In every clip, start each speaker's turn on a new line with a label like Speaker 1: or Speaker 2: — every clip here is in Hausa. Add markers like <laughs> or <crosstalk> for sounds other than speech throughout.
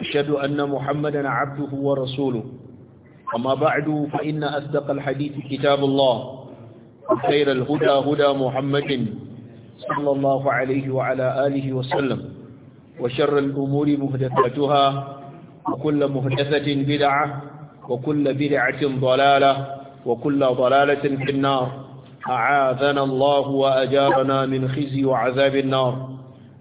Speaker 1: أشهد أن محمدا عبده ورسوله أما بعد فإن أصدق الحديث كتاب الله وخير الهدى هدى محمد صلى الله عليه وعلى آله وسلم وشر الأمور مهدثتها وكل مهدثة بدعة وكل بدعة ضلالة وكل ضلالة في النار أعاذنا الله وأجارنا من خزي وعذاب النار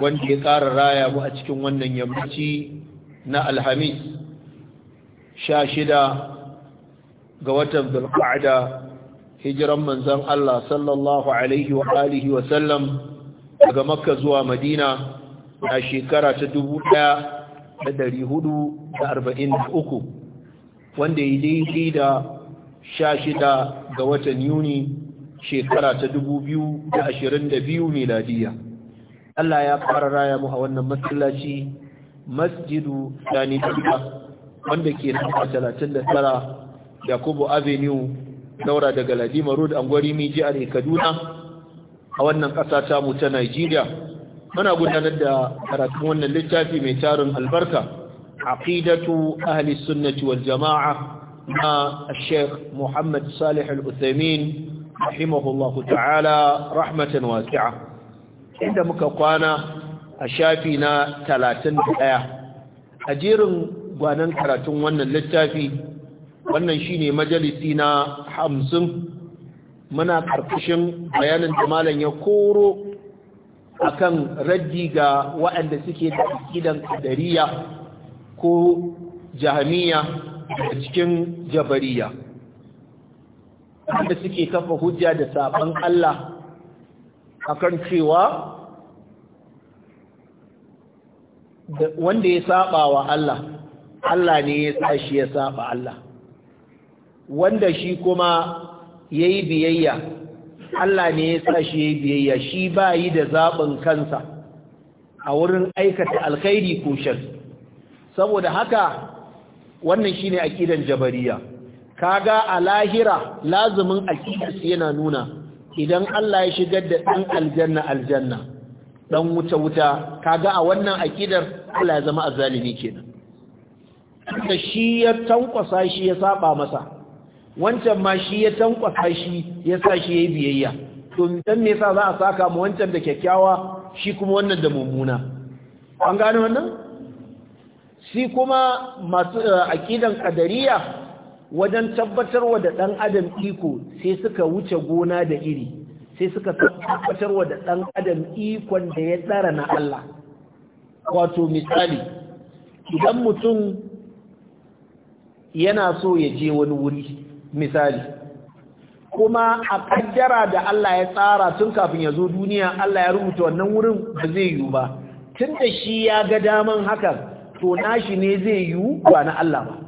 Speaker 1: wanda ya ƙara raya mu a cikin wannan yammaci na alhamis sha shida ga watan zulqa'da hijiran manzon Allah sallallahu alaihi wa alihi wa sallam daga makka zuwa madina a shekara ta uku, wanda ya daidai da sha shida ga watan yuni shekara ta da 2022 miladiya Allah ya fara raya mu a wannan masallaci masjidu Sani Duka wanda ke talatin da 39 Yakubu Avenue daura daga Ladima Road Angwari Miji a Kaduna a wannan ƙasa ta mu ta Nigeria muna gudanar da karatun wannan littafi mai tarin albarka aqidatu ahli sunnati wal jama'a na Sheikh Muhammad Salih Al-Uthaymeen rahimahullahu ta'ala rahmatan wasi'a inda muka kwana a shafi na talatin da ɗaya a jerin gwanan karatun wannan littafi wannan shine majalisi na hamsin muna ƙarƙashin bayanin da malam ya koro akan raddi ga waɗanda suke da aƙidan ƙadariya ko jahamiya da cikin jabariya wanda suke kafa hujja da sabon Allah akan cewa wanda ya saba wa Allah Allah ne ya tsashi ya saba Allah wanda shi kuma yayi biyayya Allah ne ya ya yayi biyayya shi ba yi da zaɓin kansa a wurin aikata alkhairi ko shar saboda haka wannan shine akidan jabariya kaga a lahira lazumin aqidar yana nuna idan Allah ya shigar da ɗan aljanna aljanna ɗan wuta-wuta kaga a wannan akidar Allah ya zama ke kenan da shi ya tankwasa shi ya saba masa wancan ma shi ya tankwasa shi ya sa shi ya yi biyayya to dan me yasa za a saka mu wancan da kyakkyawa shi kuma wannan da mummuna an gane wannan shi kuma masu eh, aƙidan ƙadariya. wajen tabbatarwa da ɗan adam iko sai suka wuce gona da iri sai suka tabbatarwa da ɗan adam ikon da ya tsara na Allah wato misali idan mutum yana so ya je wani wuri misali kuma a ƙaddara da Allah ya tsara tun kafin ya zo duniya Allah ya rubuta wannan wurin ba zai yiwu ba tun da shi ya ga daman hakan to nashi ne zai yiwu ba na Allah ba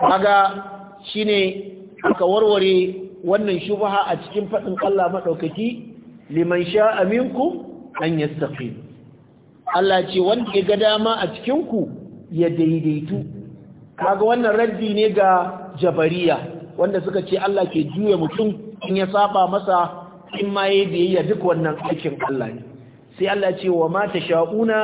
Speaker 2: kaga
Speaker 1: shine aka warware wannan shubha a cikin fadin Allah madaukaki liman sha'a minkum an yastaqim Allah ce wanda ya ga dama a cikin ku ya daidaitu kaga wannan raddi ne ga jabariya wanda suka ce Allah ke juya mutum in ya saba masa in ma yayi ya duk wannan aikin Allah ne sai Allah ce wa ma tasha'una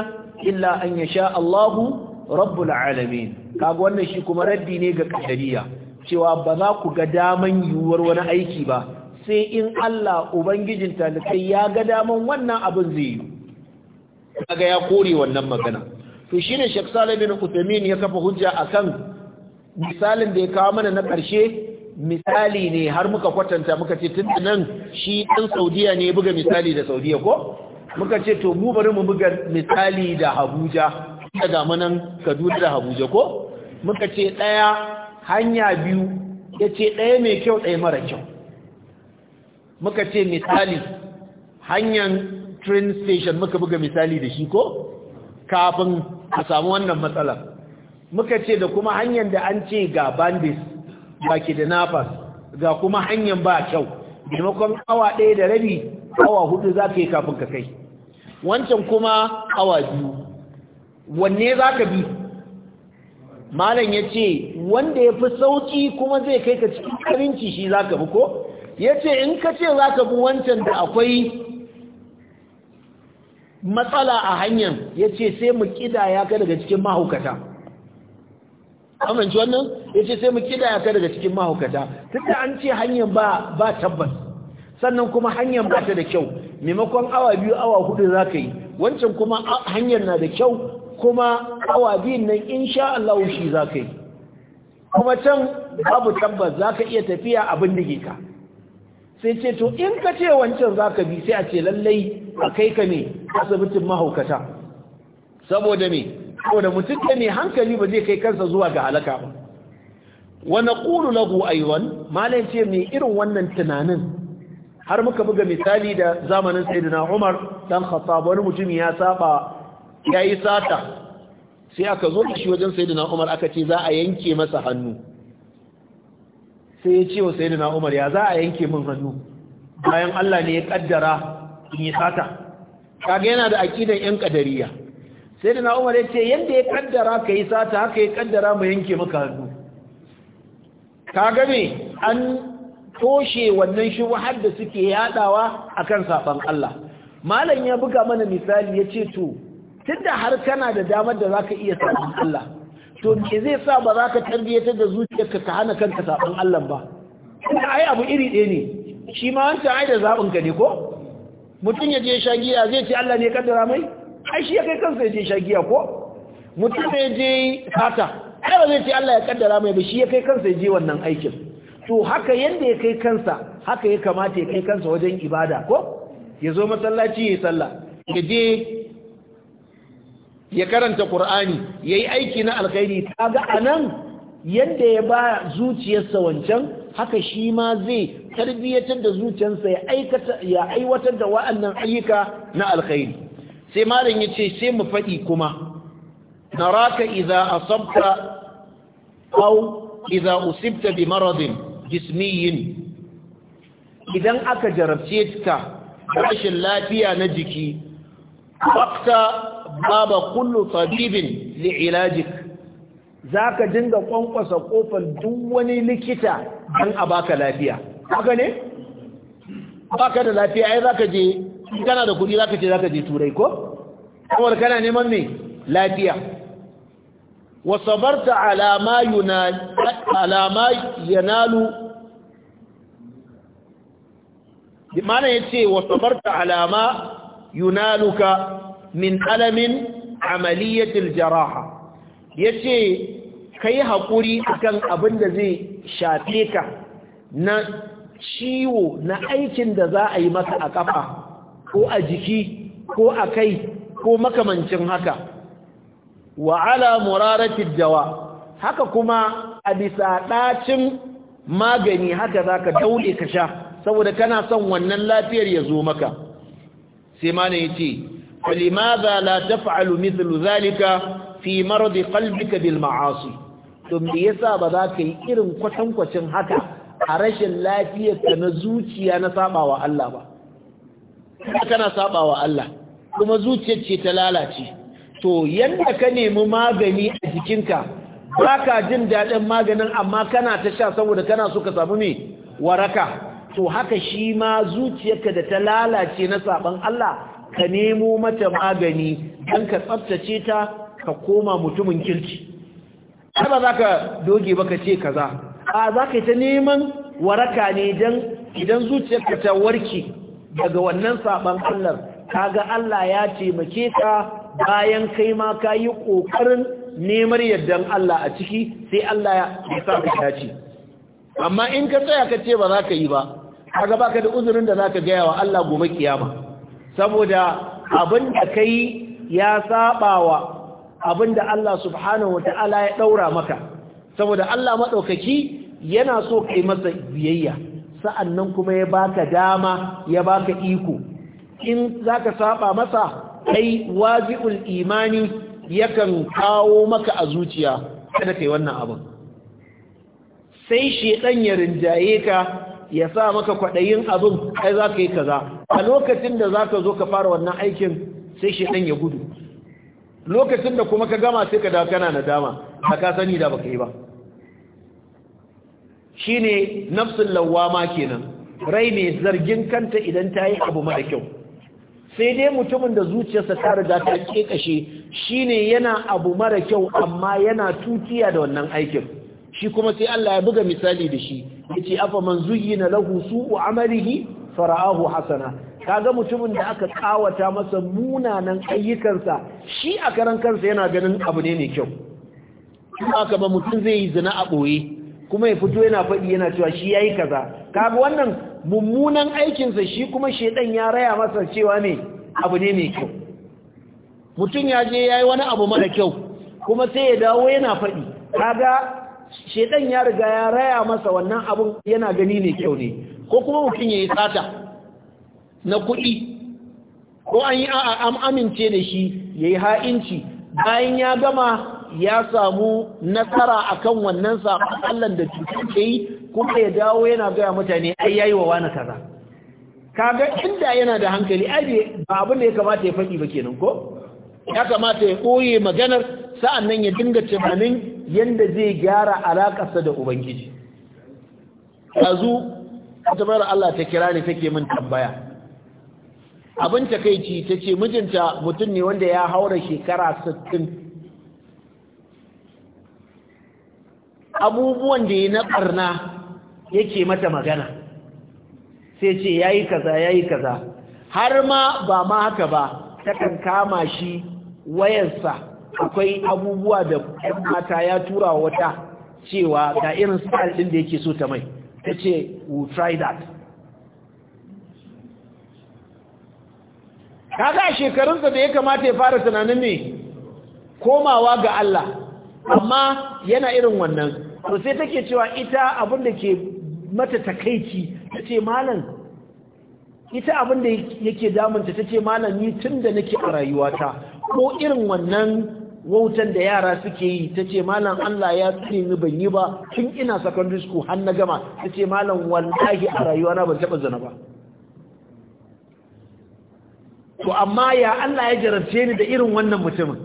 Speaker 1: illa an yasha Allahu rabbul alamin kaga wannan shi kuma raddi ne ga qadariyya cewa ba za ku ga daman yiwuwar wani aiki ba sai in Allah ubangijin talikai ya ga daman wannan abin zai yi kaga ya kore wannan magana to shine Sheikh Salim bin Uthaymeen ya kafa hujja akan misalin da ya kawo mana na karshe misali ne har muka kwatanta muka ce tun nan shi ɗan saudiya ne buga misali da saudiya ko muka ce to mu bari mu buga misali da abuja ga gamunan kaduna da Habuja ko muka ce ɗaya hanya biyu ya ce ɗaya mai kyau ɗaya mara kyau muka ce misali hanyar train station muka buga misali da shi ko kafin a samu wannan matsalar muka ce da kuma hanyar da an ce ga bandis da nafas, ga kuma hanyar ba kyau maimakon awa ɗaya da rabi awa hudu za ka yi kafin ka kai wancan kuma awa biyu wanne za ka bi malam ya ce wanda ya fi sauki kuma zai kai ka cikin karinci shi za ka bi ko ya ce in ka ce za ka bi wancan da akwai matsala a hanyar ya ce sai mu ya ka daga cikin mahaukata amince wannan ya ce sai mu ya ka daga cikin mahaukata tunda an ce hanyar ba tabbas sannan kuma hanyar ba ta da kyau maimakon awa biyu awa hudu za ka yi wancan kuma hanyar na da kyau kuma awa biyun nan insha Allah shi za ka yi kuma can babu tabbas za ka iya tafiya abin da ka sai ce to in ka ce wancan za ka bi sai a ce lallai a kai ka ne asibitin mahaukata saboda me saboda mutum da ne hankali ba zai kai kansa zuwa ga halaka ba wa na lahu aiwan Malam ce me irin wannan tunanin har muka buga misali da zamanin sayyidina Umar dan Khattab wani mutum ya saba ya yi sata sai aka zo da shi wajen sayidina umar aka ce za a yanke masa hannu sai ya ce wa sayidina umar ya za a yanke min hannu bayan Allah ne ya kaddara in yi sata kaga yana da aqidan yan kadariya sayidina umar ya ce yanda ya kaddara ka yi sata haka ya kaddara mu yanke maka hannu kaga me an toshe wannan shubuhar da suke yadawa akan saban Allah malam ya buga mana misali ya ce to tunda har kana da damar da zaka iya sabon Allah to me zai sa ba za ka da zuciyarka ka hana kanka sabon Allah ba tunda ai abu iri ɗaya ne shi ma wancan ai da zaɓin ka ne ko mutum ya je sha giya zai ce Allah ne kaddara mai ai shi ya kai kansa ya je sha giya ko mutum ya je fata ai ba zai ce Allah ya kaddara mai ba shi ya kai kansa ya je wannan aikin to haka yadda ya kai kansa haka ya kamata ya kai kansa wajen ibada ko ya zo masallaci ya yi sallah ya je ya karanta qur'ani yayi aiki na alkhairi kaga anan yanda ya ba zuciyarsa wancan haka shi ma zai tarbiyyatar da zuciyarsa ya aikata ya aiwatar da wa'annan ayyuka na alkhairi sai malam yace sai mu faɗi kuma naraka idza asabta aw idza usibta bi maradin jismiyin idan aka jarabce ka rashin lafiya na jiki waqta baba kullu tabibin ilajik zaka dinga kwankwasa kofar duk wani likita dan a baka lafiya haka ne baka da lafiya ai zaka je kana da kudi zaka ce zaka je turai ko Kawar kana neman me lafiya wa sabarta ala ma yunal ala ma yanalu mana yace wa sabarta ala ma yunaluka min alamin amaliyatil jaraha yace kai hakuri akan abin da zai shafe ka na ciwo na aikin da za a yi maka a kafa ko a jiki ko a kai ko makamancin haka wa ala muraratil jawa haka kuma a bisa ɗacin magani haka zaka daure ka sha saboda kana son wannan lafiyar ya zo maka sai ma ne yace ولماذا لا تفعل مثل ذلك في مرض قلبك بالمعاصي ثم يسا بذاك إرم قتن haka حتى عرش الله na نزوتي أنا سابع وألا أنا سابع Allah? kuma ce ta lalace to yadda ka nemi magani a jikinka ba ka jin daɗin maganin amma kana ta sha saboda kana so ka samu mai waraka to haka shi ma zuciyarka da ta lalace na sabon Allah ka nemo mata magani dan ka tsaftace ta ka koma mutumin kirki har ba za ka doge ba ka ce kaza a za ka yi ta neman waraka ne dan idan zuciyarka ta warke daga wannan saban Allah kaga Allah ya taimake ka bayan kai ma ka yi ƙoƙarin nemar yardan Allah a ciki sai Allah ya sa ka dace amma in ka tsaya ka ce ba za ka yi ba kaga baka da uzurin da za ka gaya wa Allah gobe kiyama saboda abin da kai ya ya saɓawa abin da Allah subhanahu wa ta'ala ya ɗaura maka saboda Allah maɗaukaki yana so kai masa biyayya sa'annan kuma ya baka dama ya baka iko in zaka ka saɓa masa kai wajibul imani yakan kawo maka a zuciya kada kai wannan abin sai shedan ya rinjaye ka ya sa maka kwaɗayin abin kai za ka yi kaza a lokacin da za ka zo ka fara wannan aikin sai shi ɗan ya gudu lokacin da kuma ka gama sai ka da kana nadama a ka sani da baka yi ba Shi ne nafsin lawama kenan rai ne zargin kanta idan ta yi abu mara kyau sai dai mutumin da zuciyarsa ta riga ta shi ne yana abu mara kyau amma yana tutiya da wannan aikin shi kuma sai Allah ya buga misali da shi yace afa man zuyyina lahu su'u amalihi fara'ahu hasana kaga mutumin da aka kawata masa munanan ayyukansa shi a karan kansa yana ganin abu ne mai kyau kuma aka ba mutum zai yi zina a boye kuma ya fito yana faɗi yana cewa shi yayi kaza kaga wannan mummunan aikinsa shi kuma shedan ya raya masa cewa ne abu ne mai kyau mutum ya je yayi wani abu mara kyau kuma sai ya dawo yana faɗi kaga shedan ya riga ya raya masa wannan abun yana gani ne kyau ne ko kuma mutum ya yi sata na kuɗi ko an yi am amince da shi ya yi ha'inci bayan ya gama ya samu nasara akan wannan saƙon Allah da cutar ke yi kuma ya dawo yana gaya mutane ai yayi wa wani kaza kaga inda yana da hankali ai ba abin da ya kamata ya faɗi ba kenan ko ya kamata ya ɓoye maganar sa'an nan ya dinga tunanin yanda zai gyara alaƙarsa da ubangiji yanzu ta Allah ta kira ni take min tambaya abin takaici, ta ce mijinta mutum ne wanda ya haura shekara 60 abubuwan da ya na ɓarna yake mata magana sai ce ya yi kaza ya yi kaza har ma ba ma haka ba takan kama shi wayarsa akwai abubuwa da ɗan mata ya tura wata cewa ga irin style ɗin da yake so ta mai ta ce we try that kaga shekarunsa da ya kamata ya fara tunanin ne komawa ga Allah amma yana irin wannan to sai take cewa ita abin da ke mata takaici ta ce malam ita abin da yake damunta ta ce malam ni tun da nake a rayuwata ko irin wannan wautan da yara suke yi ta ce malam Allah ya tsare ni ban yi ba tun ina secondary school har na gama ta ce malam wallahi a rayuwa na ban taɓa zana ba to amma ya Allah ya jarabce ni da irin wannan mutumin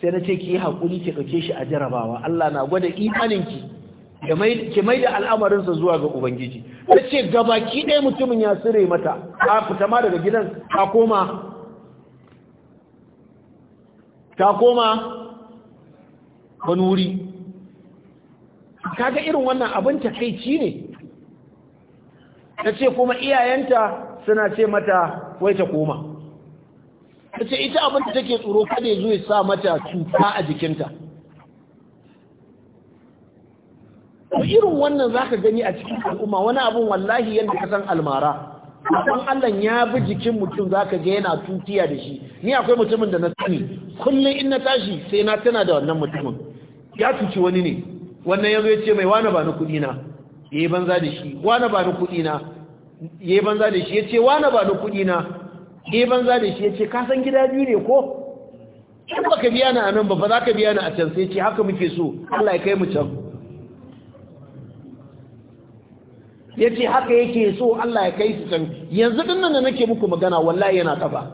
Speaker 1: sai na ce ki yi haƙuri ki ɗauke shi a jarabawa Allah na gwada imaninki ke mai da al'amarinsa zuwa ga ubangiji ta ce gabaki ɗaya mutumin ya sire mata a fita ma daga gidan ta koma ta koma wani kaga irin wannan abin ta takaici ne ta ce kuma iyayenta suna ce mata wai ta koma ta ce ita abin da take tsoro kada ya zo ya sa mata cuta a jikinta to irin wannan zaka gani a cikin al'umma wani abun wallahi yanda ka san almara akwai Allah ya bi jikin mutum zaka ga yana tutiya da shi ni akwai mutumin da na sani kullun in na tashi sai na tana da wannan mutumin ya tuci wani ne wannan yazo ya ce mai wani ba ni kuɗi na yayi banza da shi wani ba ni kuɗi na yayi banza da shi yace wani ba ni kuɗi na yayi banza da shi yace ka san gida biyu ne ko in baka biya ni a nan ba ba za ka biya ni a can sai ce haka muke so Allah ya kai mu can ya ce haka yake so Allah ya kai su can yanzu din nan da nake muku magana wallahi yana kafa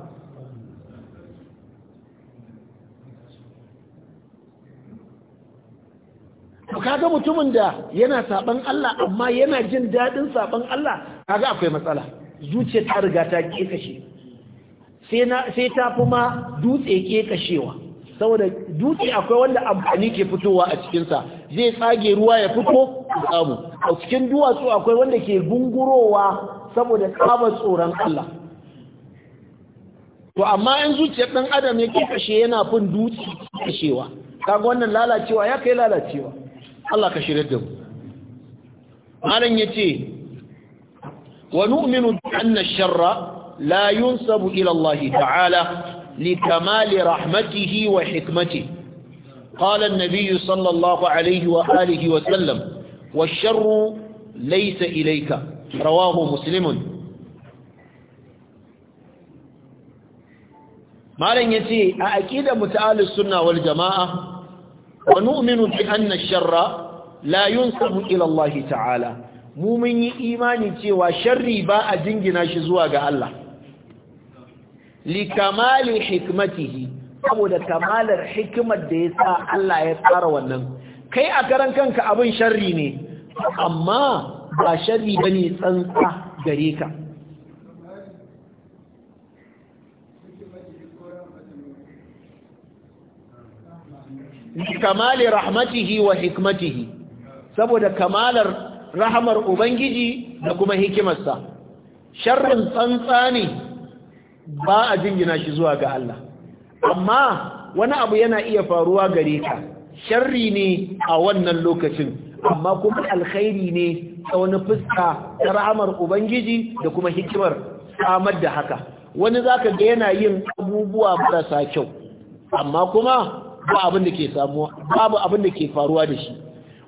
Speaker 1: kaga mutumin da yana saban Allah amma yana jin daɗin saban Allah kaga akwai matsala zuciya ta riga ta kekashe sai ta fi ma dutse kekashewa saboda dutse akwai wanda amfani ke fitowa a cikin sa zai tsage ruwa ya fito samu a cikin duwatsu akwai wanda ke gungurowa saboda kama tsoron Allah to amma in zuciyar dan adam yake kashe yana fin duci kashewa kaga wannan lalacewa ya kai lalacewa Allah ka shirye da mu malam yace wa nu'minu anna sharra la yunsabu ila Allah ta'ala li kamali rahmatihi wa hikmatihi قال النبي صلى الله عليه وآله وسلم والشر ليس إليك رواه مسلم مالن يتي أكيد متعال السنة والجماعة ونؤمن بأن الشر لا ينسب إلى الله تعالى مؤمن إيمان تيوى شر باء جنجنا شزواغ الله لكمال حكمته saboda kamalar hikimar da ya sa Allah ya tsara wannan kai a karan kanka abin sharri ne amma ba sharri bane tsantsa gare ka kamali rahmatihi wa hikmatihi saboda kamalar rahmar ubangiji da kuma hikimarsa sharrin tsantsa ne ba a jingina shi zuwa ga Allah amma wani abu yana iya faruwa gare ka sharri ne a wannan lokacin amma kuma alkhairi ne ta wani fuska ta ra'amar ubangiji da kuma hikimar samar da haka wani zaka ga yana yin abubuwa marasa kyau amma kuma ba abin da ke samuwa babu abin da ke faruwa da shi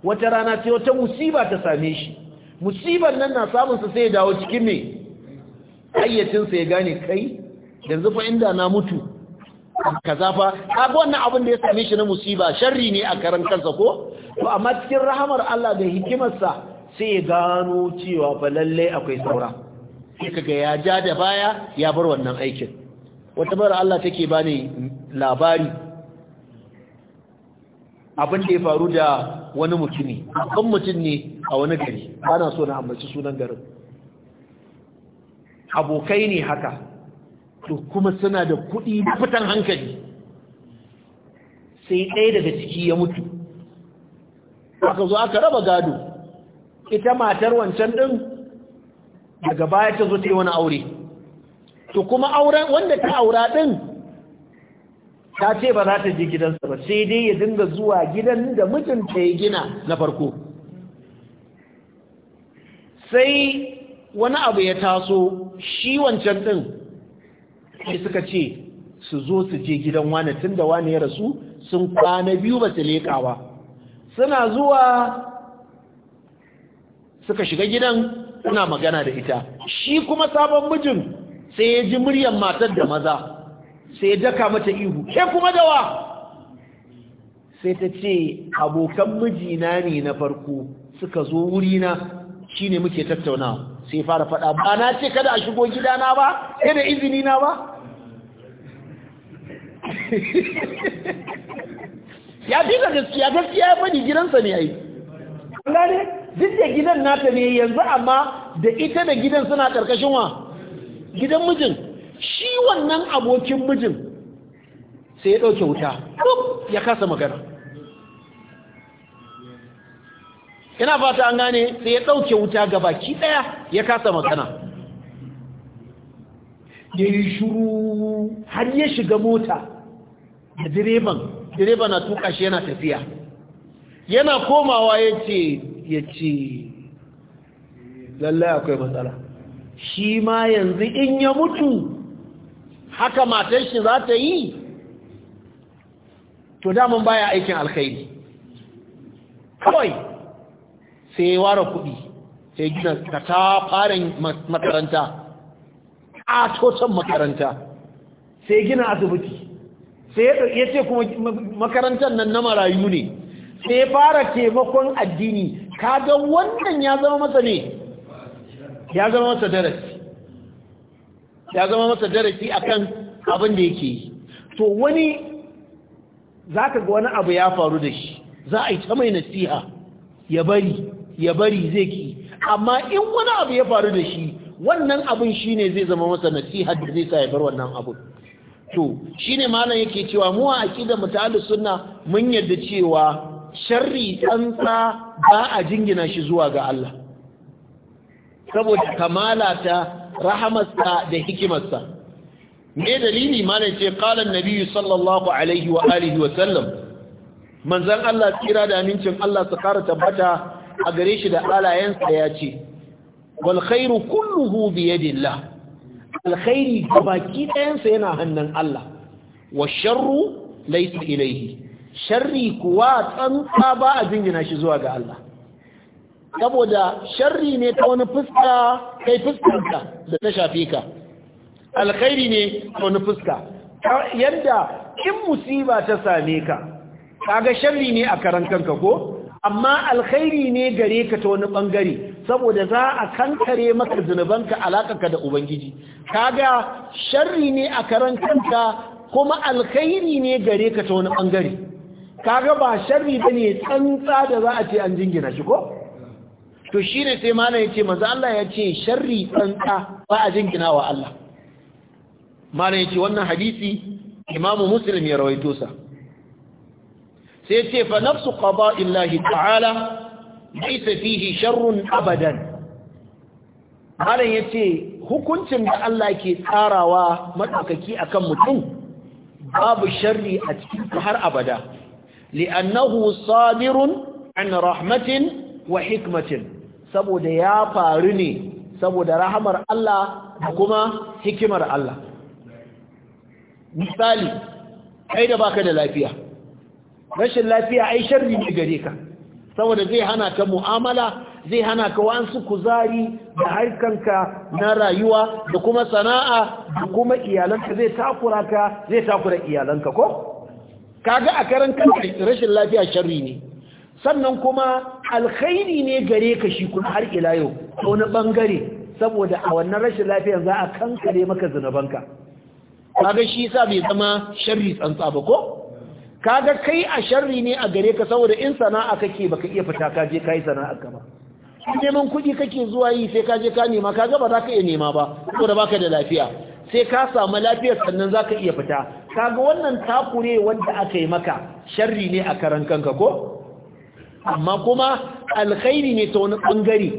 Speaker 1: wata rana sai wata musiba ta same shi musibar nan na samun sa sai ya dawo cikin mai. hayyacin ya gane kai yanzu fa inda na mutu kazafa fa kaga wannan abin da ya same shi na musiba sharri ne a karan kansa ko to amma cikin rahamar Allah da hikimarsa sai ya gano cewa fa lalle akwai saura sai kaga ya ja da baya ya bar wannan aikin wata bar Allah take bani labari abin da ya faru da wani mutumi kan mutum ne a wani gari ana so na ambaci sunan garin abokai ne haka to kuma suna da kuɗi da fitan hankali sai ɗaya daga ciki ya mutu aka zo aka raba gado ita matar wancan ɗin daga baya ta zo ta yi wani aure to kuma auren wanda ta aura ɗin ta ce ba za ta je gidansa ba sai dai ya dinga zuwa gidan da mijinta ya gina na farko sai wani abu ya taso shi wancan ɗin sai suka ce su zo su je gidan wani tun da wani ya rasu sun kwana biyu ba su leƙawa suna zuwa suka shiga gidan suna magana da ita shi kuma sabon mijin sai ya ji muryar matar da maza sai ya daka mata ihu ke kuma dawa sai ta ce abokan mijina ne na farko suka zo wurina shi ne muke tattaunawa sai fara faɗa ba na ce kada a shigo gidana ba sai da izini na ba <laughs> ya fi da gaskiya gaskiya ya faɗi gidansa ne ai ne? duk da gidan nata ne yanzu amma da ita da gidan suna ƙarƙashin wa gidan mijin shi wannan abokin mijin sai ya ɗauke wuta ya kasa magana ina fata an gane sai ya ɗauke wuta ga baki ɗaya ya kasa magana ya yi shuru har ya shiga mota da direban direban na tuka shi yana tafiya yana komawa ya ce ya lallai akwai matsala shi ma yanzu in ya mutu haka matar shi za ta yi to daman baya aikin alkhairi kawai sai ya ware kuɗi sai gina ka ta farin makaranta ƙatoton makaranta sai gina asibiti sai ya ce kuma makarantar nan na marayu ne sai fara taimakon addini Ka kaga wannan ya zama masa ne ya zama masa darasi ya zama masa darasi akan abin da yake yi to wani za ka ga wani abu ya faru da shi za a yi ta mai nasiha ya bari ya bari zai ki amma in wani abu ya faru da shi wannan abin shine zai zama masa nasiha da zai sa ya bar wannan abu to shine malam yake cewa mu a aqida mutalu sunna mun yarda cewa sharri tsantsa ba a jingina shi zuwa ga Allah saboda kamalata rahamarsa da hikimarsa me dalili mana ce qala an-nabi sallallahu alaihi wa alihi wa sallam manzon Allah tsira da amincin Allah su kara tabbata a gare shi da alayensa ya ce walkhairu khairu kulluhu bi yadillah alkhairi baki ɗayansa yana hannun Allah wa sharru laysa ilayhi sharri kuwa tsantsa ba a jingina shi zuwa ga Allah saboda sharri ne ta wani fuska kai fuskarka da ta shafe ka alkhairi ne ta wani fuska yadda in musiba ta same ka kaga sharri ne a karan kanka ko amma alkhairi ne gare ka ta wani bangare saboda za a kankare maka zunubanka ka da ubangiji kaga sharri ne a karan kanka kuma alkhairi ne gare ka ta wani bangare kaga ba sharri bane tsantsa da za a ce an jingina shi ko to shine sai mana yace manzo Allah ya ce sharri tsantsa ba a jingina wa Allah mana yace wannan hadisi imamu muslim ya rawaito sa sai ce fa nafsu qada'illahi ta'ala laysa fihi sharrun abadan malam yace hukuncin da Allah ke tsarawa madaukaki akan mutum babu sharri a cikin har abada li'annahu sabirun an rahmatin wa hikmatin saboda ya faru ne saboda rahamar Allah da kuma hikimar Allah misali kai da baka da lafiya rashin lafiya ai sharri ne gare ka saboda zai hana ka mu'amala zai hana ka wasu kuzari da harkanka na rayuwa da kuma sana'a da kuma iyalanka zai takura ka zai takura iyalanka ko kaga a karan rashin lafiya sharri ne sannan kuma alkhairi ne gare ka shi kuma har ila yau to na bangare saboda a wannan rashin lafiyar za a kankare maka zinabanka kaga shi yasa bai zama sharri tsantsa ba ko kaga kai a sharri ne a gare ka saboda in sana'a kake baka iya fita ka je kai sana'a ka ba neman kuɗi kake zuwa yi sai ka je ka nema kaga ba za ka iya nema ba saboda baka da lafiya sai ka samu lafiya sannan za ka iya fita kaga wannan takure wanda aka yi maka sharri ne a karan kanka ko amma kuma alkhairi ne ta wani bangare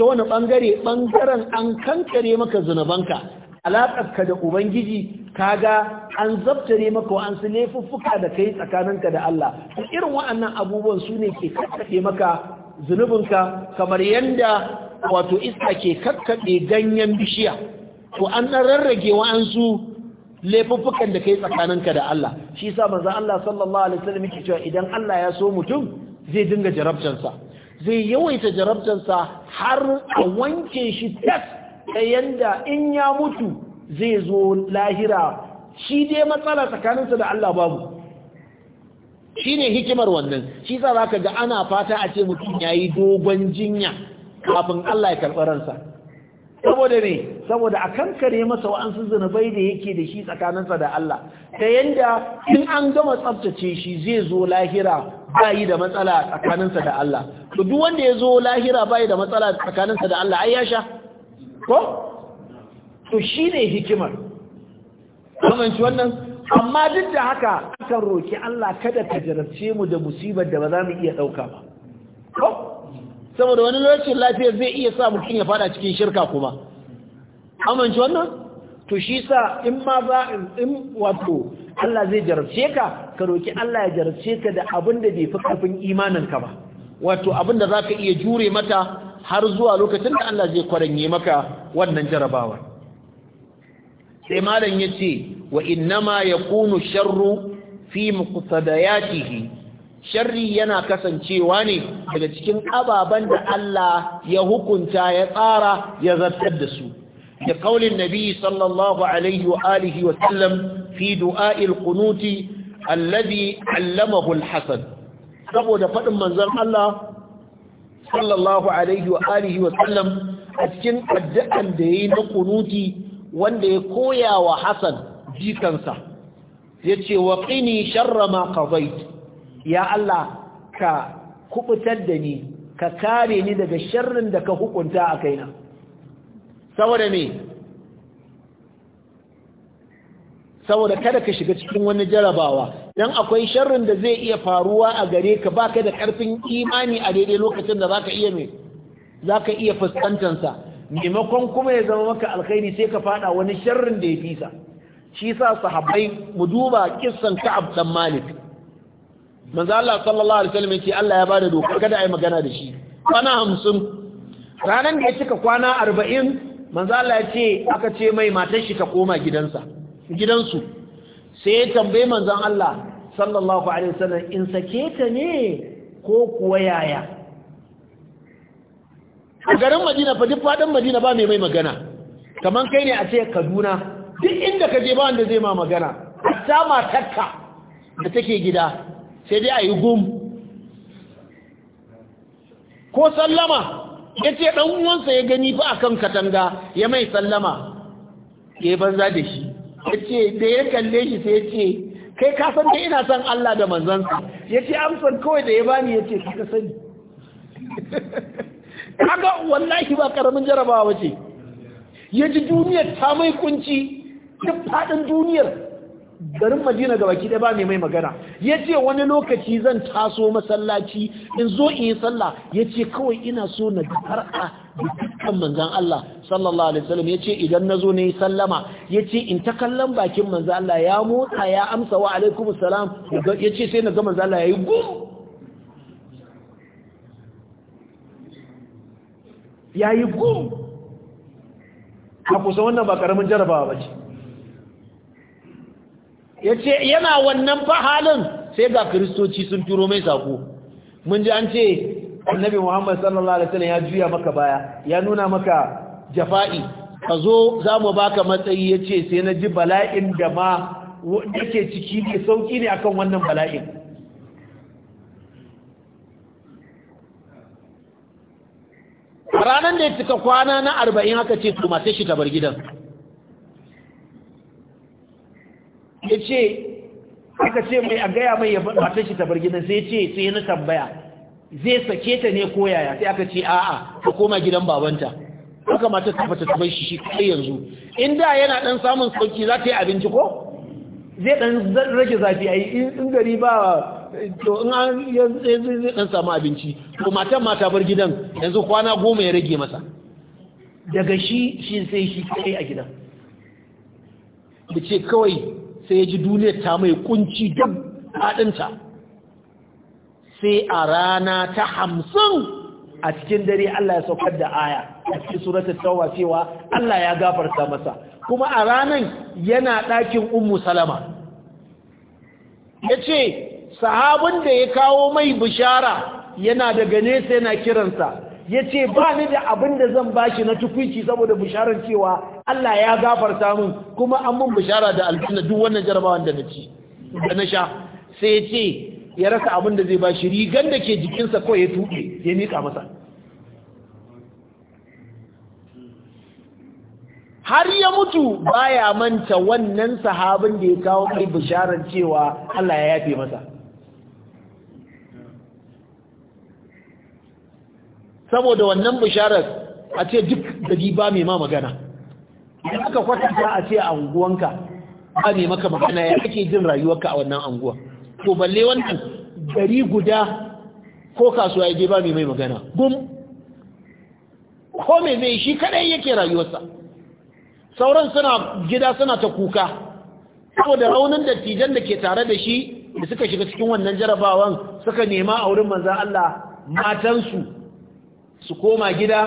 Speaker 1: ta wani bangare bangaren an kankare maka zunubanka alaƙarka da ubangiji kaga an zabtare maka wa'ansu su laifuffuka da yi tsakaninka da Allah to irin wa'annan abubuwan su ne ke kakkaɓe maka zunubinka kamar yadda wato iska ke kakkaɓe ganyen bishiya to an ɗan rarrage wa'ansu laifuffukan da yi tsakaninka da Allah shi yasa maza Allah sallallahu alaihi wasallam yake cewa idan Allah ya so mutum zai dinga jarabtansa zai yawaita jarabtansa har a wanke shi tas ta yanda in ya mutu zai zo lahira shi dai matsala tsakaninsa da Allah babu shi ne hikimar wannan shi za ka ga ana fata a ce mutum ya yi dogon jinya kafin Allah ya karɓi ransa saboda ne saboda a kankare masa wa'ansu zunubai da yake da shi tsakaninsa da Allah ta yanda in an gama tsabtace shi zai zo lahira bayi da matsala tsakaninsa da Allah to duk wanda ya zo lahira bayi da matsala tsakaninsa da Allah ai ya sha ko to shi ne hikimar kamanci wannan amma duk da haka akan roki Allah kada ka jarabce mu da musibar da ba za mu iya ɗauka ba ko saboda wani lokacin lafiya zai iya sa mutum ya fada cikin shirka kuma amince wannan to shi sa in ma za in wato Allah zai jarabce ka ka roki Allah ya jarabce ka da abin da bai fi ƙarfin imanin ka ba wato abin da zaka iya jure mata har zuwa lokacin da Allah zai kwaranye maka wannan jarabawa sai malam yace wa innama yakunu sharru fi muqtadayatihi sharri yana kasancewa ne daga cikin ababan da Allah ya hukunta ya tsara ya zartar da su da kaulin nabi sallallahu alaihi wa alihi wa sallam fi du'a'il qunuti alladhi allamahu al saboda fadin manzon Allah sallallahu alaihi wa alihi wa sallam a cikin addu'an da yayi na kunuti wanda ya koya wa Hassan jikansa yace wa qini sharra ma qadait ya Allah ka kubutar da ni ka kare ni daga sharrin da ka hukunta a kaina saboda me saboda kada ka shiga cikin wani jarabawa dan akwai sharrin da zai iya faruwa a gare ka baka da karfin imani a daidai lokacin da zaka iya me zaka iya fuskantar sa maimakon kuma ya zama maka alkhairi sai ka fada wani sharrin da ya fisa shi sa sahabbai mu duba kissan Ka'ab dan Malik manzo Allah sallallahu alaihi wasallam yace Allah ya bada doka kada ai magana da shi kwana 50 ranan da ya cika kwana 40 manzo Allah ya aka ce mai matar shi ta koma gidansa gidansu sai ya tambaye manzon Allah sallallahu alaihi wasallam in sake ta ne ko kuwa yaya a garin Madina fa duk fadin Madina ba mai mai magana kaman kai ne a ce Kaduna duk inda ka je ba wanda zai ma magana ta matarka da take gida sai dai ayi gum ko sallama yace dan uwansa ya gani fa akan katanga ya mai sallama ke banza da shi yace da ya kalle shi sai yace kai ka san ina son Allah da manzansa yace amsar kawai da ya bani yace ka sani <laughs> kaga wallahi ba karamin jarabawa ce yaji duniyar ta mai kunci duk fadin duniyar garin madina ga baki ba mai mai magana ya ce wani lokaci zan taso masallaci in zo in yi sallah ya ce kawai ina so na har'a dukkan manzan Allah sallallahu alaihi wasallam yace idan nazo ne sallama yace in ta kallon bakin manzan Allah ya motsa ya amsa wa alaikum salam yace sai naga manzan Allah yayi gum yayi gum a kusa wannan ba karamin jarabawa bace yace yana wannan fahalin sai ga kristoci sun turo mai sako mun ji an ce annabi Muhammad sallallahu alaihi wasallam ya juya maka baya ya nuna maka jafa'i ka zo za mu baka matsayi ya ce sai na ji bala'in da ma yake ciki ne sauƙi ne akan wannan bala'in a ranar da ya cika kwana na arba'in haka ce kuma sai shi tabar gidan ya ce aka ce mai a gaya mai ya matan shi tabar gidan sai ce sai na tambaya zai sake ta ne ko yaya sai aka ce a'a ta koma gidan babanta haka mata ta fata ta bai shi kai yanzu in da yana dan samun sauki za ta yi abinci ko zai dan rage zafi ai in gari ba to in an yanzu zai dan samu abinci to matan mata bar gidan yanzu kwana goma ya rage masa daga shi shi sai shi kai a gidan da ce kawai sai ya ji duniyar ta mai kunci duk haɗinta sai a rana ta hamsin a cikin dare Allah ya saukar da aya a cikin suratul tauba cewa Allah ya gafarta masa kuma a ranan yana ɗakin ummu salama yace sahabin da ya kawo mai bishara yana daga nesa yana kiransa ya ce ba ni da abin da zan bashi na tukwici saboda bisharar cewa Allah ya gafarta mun kuma an mun bishara da aljanna duk wannan jarabawan da na ci da na sha sai ya ce ya rasa abin da zai ba shi rigan da ke jikinsa ko ya tuɓe ya nika masa har ya mutu baya manta wannan sahabin da ya kawo kai bisharar cewa Allah ya yafe masa saboda wannan bisharar a ce duk gari ba mai ma magana idan aka kwatanta a ce a unguwanka ba mai maka magana ya ake jin rayuwarka a wannan anguwa to balle wannan gari guda ko kasuwa ya je ba mai mai magana gum ko mai mai shi kadai yake rayuwarsa sauran suna gida suna ta kuka saboda raunin dattijan da ke tare da shi da suka shiga cikin wannan jarabawan suka nema a wurin manzan Allah matansu su koma gida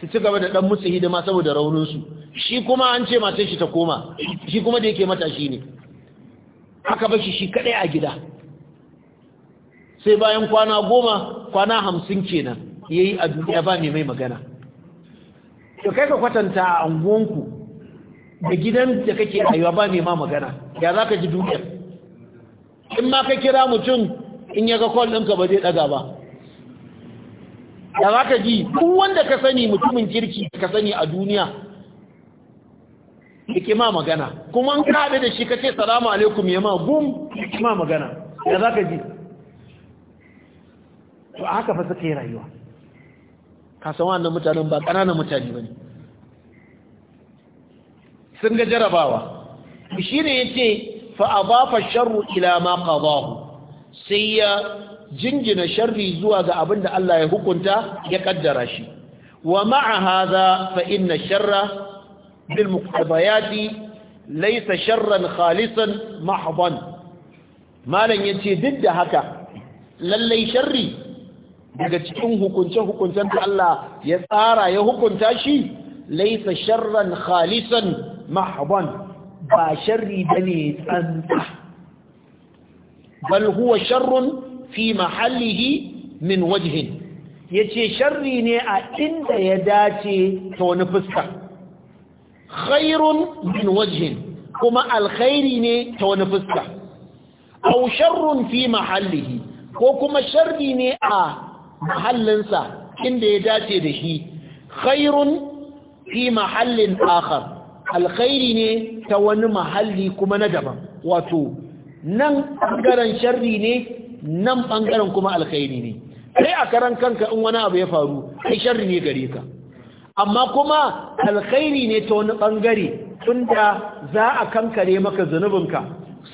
Speaker 1: su ci gaba da dan musu hidima saboda rauninsu shi kuma an ce matan shi ta koma shi kuma da yake matashi ne aka bashi shi kadai a gida sai bayan kwana goma kwana hamsin kenan ya yi a duniya ba mai mai magana to kai ka kwatanta a unguwanku, da gidan da kake rayuwa ba mai ma magana ya za ka ji duniyar in ma ka kira mutum in ya ga kwal ɗinka ba zai ɗaga ba ya za ka ji duk wanda ka sani mutumin kirki ka sani a duniya ya ke ma magana kuma in ka da shi ka ce salamu alaikum ya ma gum ke ma magana ya za ka ji to haka fa suka yi rayuwa ka san wannan mutanen ba ƙananan mutane ba ne sun ga jarabawa shi ne ya ce fa'abafa sharru ila ma sai ya jingina sharri zuwa ga abin da Allah ya hukunta ya ƙaddara shi wa ma'a hadha fa inna sharra bil muqtadayati laisa sharran khalisan mahdan malan yace duk da haka lallai sharri daga cikin hukunce-hukuncen da Allah ya tsara ya hukunta shi laisa sharran khalisan mahbon ba sharri ne tsanta bal huwa sharrun fi mahallihi min wajhin yace sharri ne a inda ya dace ta wani fuska khairun min wajhin kuma alkhairi ne ta wani fuska Au sharrun fi mahallihi ko kuma sharri ne a mahallinsa inda ya dace da shi khairun fi mahallin akhar alkhairi ne ta wani mahalli kuma na daban wato nan bangaren sharri ne nan bangaren kuma alkhairi ne sai a karan kanka in wani abu ya faru sai sharri ne gare ka amma kuma alkhairi ne ta wani bangare tunda za a kankare maka zunubinka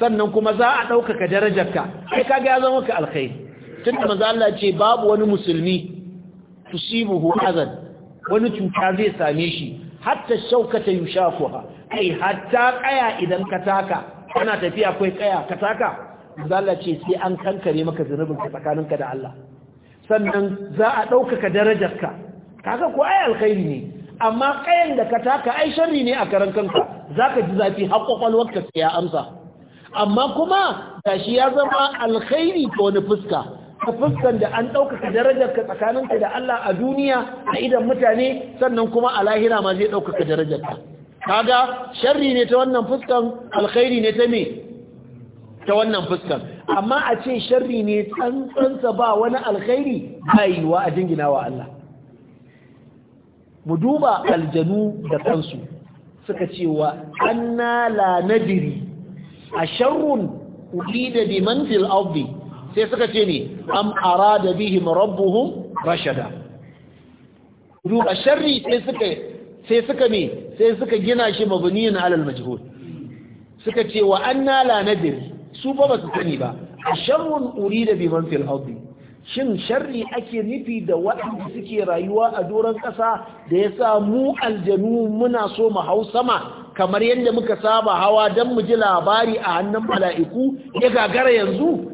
Speaker 1: sannan kuma za a ɗaukaka darajarka sai kaga ya zama ka alkhairi tun da Allah ce babu wani musulmi tusibuhu azan wani cuta zai same shi hatta shaukata yushafuha ai hatta kaya idan ka taka kana tafiya kai kaya ka taka maza Allah ce sai an kankare maka zunubin ka tsakaninka da Allah sannan za a ɗaukaka darajarka kaga ko ai alkhairi ne amma kayan da ka taka ai sharri ne a karan kanka zaka ji zafi har kwakwalwarka sai ya amsa amma kuma gashi ya zama alkhairi ta wani fuska ta fuskan da an ɗaukaka darajarka tsakaninka da Allah a duniya a idan mutane sannan kuma a lahira ma zai ɗaukaka darajarka kaga sharri ne ta wannan fuskan alkhairi ne ta me ta wannan fuskan amma a ce sharri ne tsantsansa ba wani alkhairi haiwa a jingina wa Allah mu duba aljanu da kansu suka ce wa anna nadiri a sharrun uqida bi manzil abdi sai suka ce ne am arada bihim rabbuhum rashada duba sharri sai suka sai suka me sai suka gina shi mabniyan alal majhul suka ce wa anna la nadir su ba basu sani ba sharrun urida bi man fil ardi shin sharri ake nufi da waɗanda suke rayuwa a doron ƙasa da ya sa mu aljanu muna so mu hau sama kamar yadda muka saba hawa don mu ji labari a hannun mala'iku ya gagara yanzu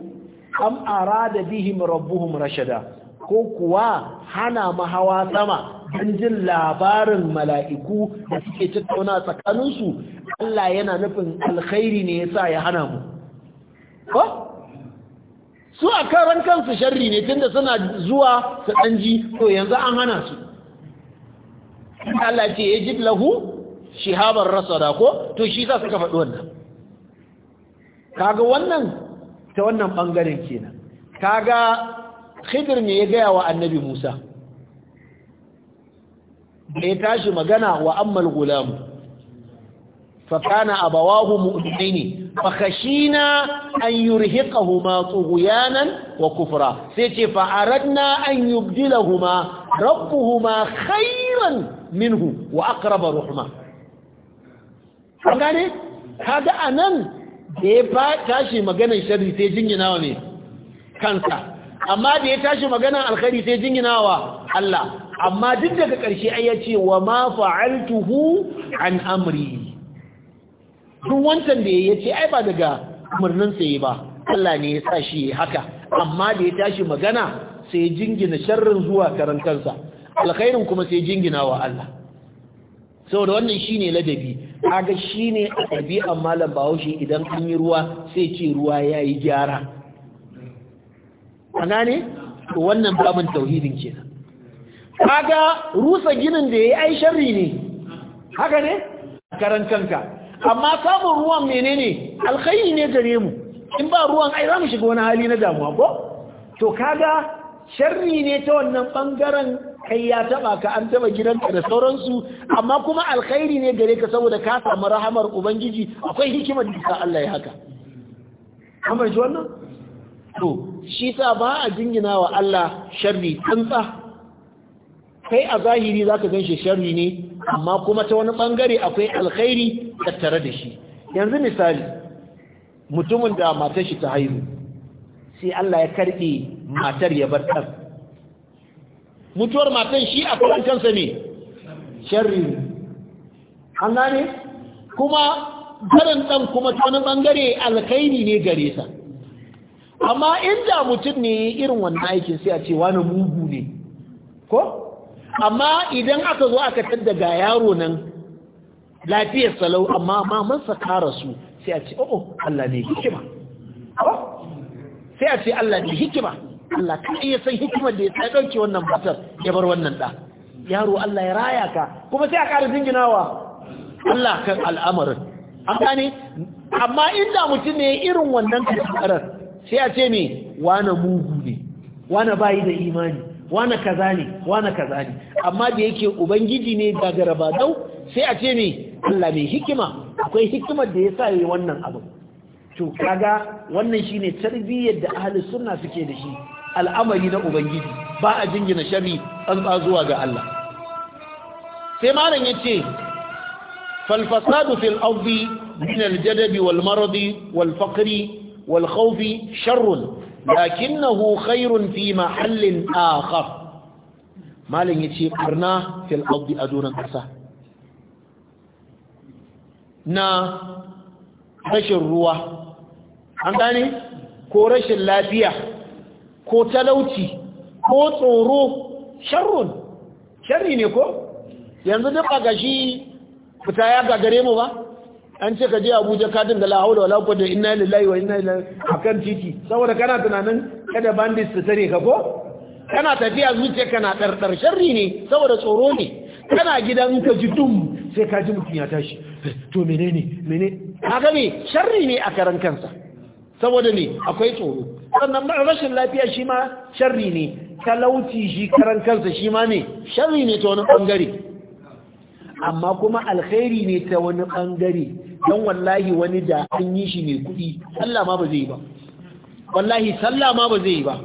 Speaker 1: am arada bihim rabbuhum rashada ko kuwa hana mahawa sama don jin labarin mala'iku da suke tattauna tsakaninsu Allah yana nufin alkhairi ne yasa ya hana mu ko su a karan kansu sharri ne tunda suna zuwa su ji to yanzu an hana su Allah ce yajib lahu shihabar rasada ko to shi za su faɗi wannan kaga wannan ta wannan ɓangaren kenan kaga khidir ne ya gaya wa annabi musa da ya tashi magana wa ammal gulamu fakana abawahu mu'mini fa khashina an yurhiqahuma tughyanan wa kufra sai ce fa aradna an yubdilahuma rabbuhuma khayran minhu wa aqrab ruhma kaga ne kaga anan da ya tashi maganar shari sai jingina wa ne kansa amma da ya tashi maganar alkhari sai jingina wa Allah amma duk daga ƙarshe ai ya ce wa ma fa'altuhu an amri duk wancan da ya ce ai ba daga murnin sai ba Allah ne ya sa shi haka amma da ya tashi magana sai jingina sharrin zuwa karan kansa alkhairin kuma sai jingina wa Allah saboda wannan shine ladabi kaga shine a ɗabi'an malam bahaushe idan an yi ruwa sai ce ruwa ya yi gyara ana ne to wannan babin tauhidin kenan kaga rusa ginin da ya yi ai sharri ne haka ne karan amma samun ruwan menene alkhayi ne gare mu in ba ruwan ai za mu shiga wani hali na damuwa ko to kaga sharri ne ta wannan bangaren kai ya taba ka an taba gidanka da sauransu amma kuma alkhairi ne gare ka saboda ka samu rahamar ubangiji akwai hikimar da Allah ya haka kamar ji wannan to shi sa ba a jingina wa Allah sharri tsantsa kai a zahiri zaka ganshi sharri ne amma kuma ta wani bangare akwai alkhairi tattare da shi yanzu misali mutumin da matar shi ta haihu sai Allah ya karbe matar ya bar ɗan mutuwar matan shi a karan kansa ne sharri an gane kuma garin ɗan kuma ta ɓangare alkhairi ne gare sa amma inda mutum ne irin wannan aikin sai a ce wani mugu ne ko amma idan aka zo aka tadda ga yaro nan lafiyar salau amma mamansa kara su sai a ce o'o oh, oh, Allah ne hikima sai a ce Allah ne hikima Allah kai iya san hikimar da ya ɗauke dauke wannan matar ya bar wannan da yaro Allah ya raya ka kuma sai a ƙara wa? Allah kan al'amarin amma ne? amma inda mutum ne irin wannan karar. sai a ce ne wane mugu ne wane bayi da imani wane kaza ne wane kaza ne amma da yake ubangiji ne da garaba dau sai a ce ne Allah mai hikima akwai hikimar da ya sa yi wannan abu to kaga wannan shine tarbiyyar da ahli sunna suke da shi al'amari na ubangiji ba a jingina shari tsantsa zuwa ga Allah sai malam yace ce, Falfasadu fil ardi min al jadab wal marad wal faqr wal khawf sharr lakinnahu khairun fi mahallin akhar malam yace barna fil na rashin ruwa an gane ko rashin lafiya ko talauci ko tsoro sharrun sharri ne ko yanzu duk a gashi fita ya gagare mu ba an ce ka je abuja ka dinga la haula wala quwwata inna lillahi wa inna a kan titi saboda kana tunanin kada bandits su tare ka ko kana tafiya zuciya kana ɗarɗar sharri ne saboda tsoro ne kana gidan ka ji dum sai ka ji mutum ya tashi eh, to menene menene haka me sharri ne a karan kansa saboda ne akwai tsoro sannan rashin lafiya shi ma sharri ne talauci shi karan kansa shi ma ne sharri ne ta wani bangare amma kuma alkhairi ne ta wani bangare don wallahi wani da an yi shi mai kudi. sallah ma ba zai yi ba wallahi sallah ma ba zai yi ba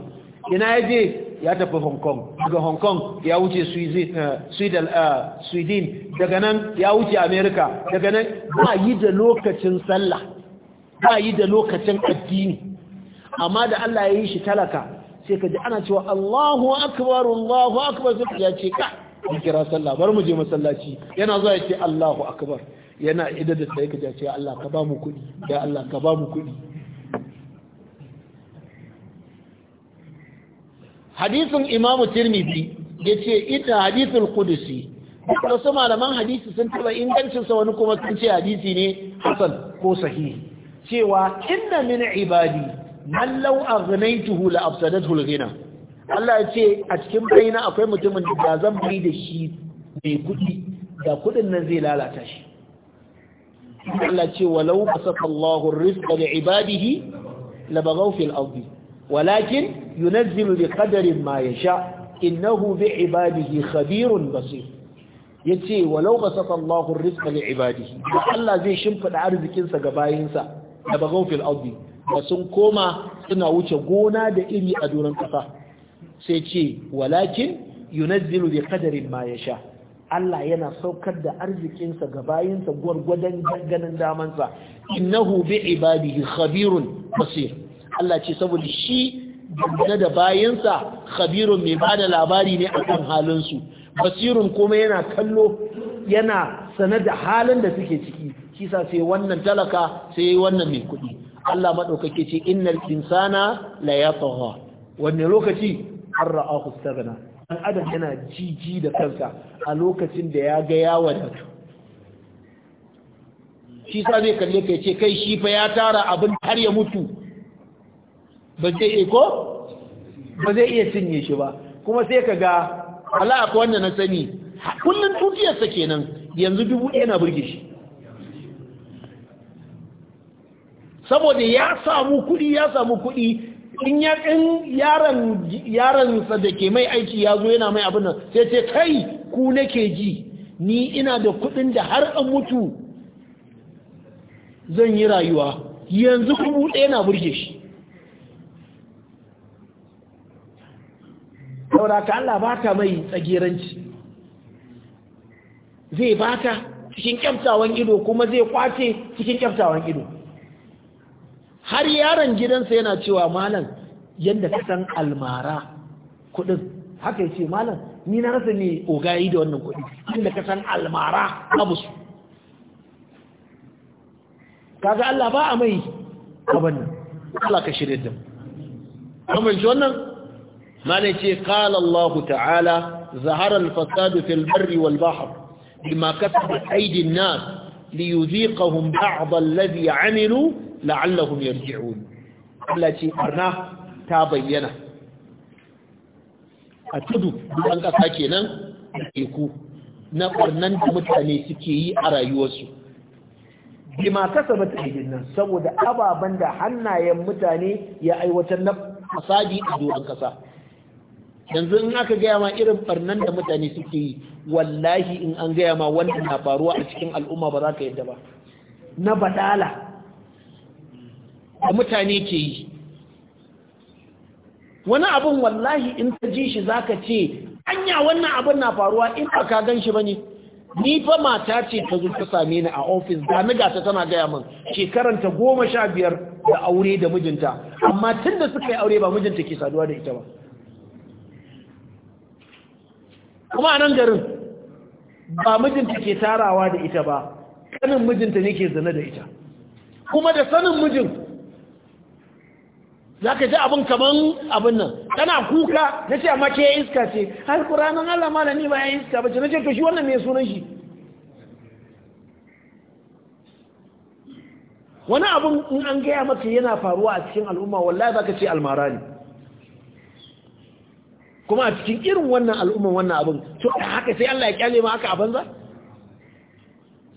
Speaker 1: ina ya je ya tafi hong kong daga hong kong ya wuce eh, eh, sweden daga nan ya wuce america daga nan ba yi da lokacin sallah ba yi da lokacin addini amma da Allah ya yi shi talaka sai ka ji ana cewa Allahu akbar Allahu akbar sai ya ce ka an kira sallah bar mu je masallaci yana zuwa ya ce Allahu akbar yana idan da sai ka ji ya Allah ka ba mu kuɗi ya Allah ka ba mu kuɗi hadisin imamu tirmidhi yace ita hadithul qudsi wasu malaman hadisi sun taba sa wani kuma sun ce hadisi ne hasan ko sahihi cewa inna min ibadi man law aghnaytuhu la afsadathu al Allah ya ce a cikin baina akwai mutumin da zan bai da shi mai kudi da kudin nan zai lalata shi Allah ce walau basafa Allahu ar-rizqa li ibadihi labaghaw fil ardi walakin yunazzilu bi qadarin ma ya yasha innahu bi ibadihi khabirun basir yace walau basafa Allahu ar-rizqa li ibadihi Allah zai shimfida arzikin sa ga bayinsa labaghaw fil ardi da sun koma suna wuce gona da iri a doron ƙasa sai ce walakin yunazzilu bi qadarin ma yasha Allah yana saukar da arzikinsa ga bayinsa gwargwadon ganin damansa innahu bi ibadihi khabirun basir Allah ce saboda shi dangane da bayinsa khabirun mai bada labari ne akan halinsu basirun kuma yana kallo yana sanar da halin da suke ciki shi sa sai wannan talaka sai wannan mai kuɗi Allah madaukake ce innal insana la yatgha Wani lokaci har ra'ahu istaghna dan adam yana jiji da kansa a lokacin da ya ga ya wadatu shi sa zai kalle kai ce kai shi fa ya tara abin har ya mutu ba zai ko ba zai iya cinye shi ba kuma sai ka ga ala akwai wanda na sani kullum tutiyarsa kenan yanzu dubu ɗaya na burge shi saboda ya samu kuɗi ya samu kuɗi in ya yaron yaronsa sa da ke mai aiki ya zo yana mai abin nan sai ce kai ku nake ji ni ina da kuɗin da har an mutu zan yi rayuwa yanzu kuma ɗaya na burge shi saboda ka Allah ba ta mai tsagiranci zai ba bata cikin kyamtawan ido kuma zai kwace cikin kyamtawan ido har yaron gidansa yana cewa malam yadda ka san almara kuɗin haka ce malam ni na rasa ne ogayi da wannan kuɗi inda ka san almara na musu. kaga Allah ba a mai abin Allah ka shirye da mu amma shi wannan malai ce qala Allah ta'ala zahara al-fasadu fil barri wal bahr bima kasabat aydin nas liyuziqahum ba'd alladhi 'amilu la'allahum yarji'un Allah ce arna ta bayyana a tudu duban ƙasa kenan teku na barnan da mutane suke yi a rayuwarsu bima kasabat nan saboda ababan da hannayen mutane ya aiwatar na fasadi a duk ƙasa. yanzu in aka gaya ma irin barnan da mutane suke yi wallahi in an gaya ma wanda na faruwa a cikin al'umma ba za ka yadda ba na badala da mutane ke yi wani abin wallahi in ta ji shi za ka ce anya wannan abin na faruwa in ba ka gan shi ba ne ni fa mata ce ta zo ta same ni a ofis ga ni gata tana gaya min shekaran ta goma sha biyar da aure da mijinta amma tun da suka yi aure ba mijinta ke saduwa da ita ba kuma a nan garin ba mijinta ke tarawa da ita ba kanin mijinta ne ke zane da ita kuma da sanin mijin za ka ji abin kaman abin nan tana kuka na ce amma ke iska ce har ƙuranin allah malami ba ya iska ba ce na ce to shi wannan mai sunan shi wani abin in an gaya maka yana faruwa a cikin al'umma wallahi ba ka ce almara ne kuma a cikin irin wannan al'umman wannan abin to haka sai Allah ya kyale ma haka a banza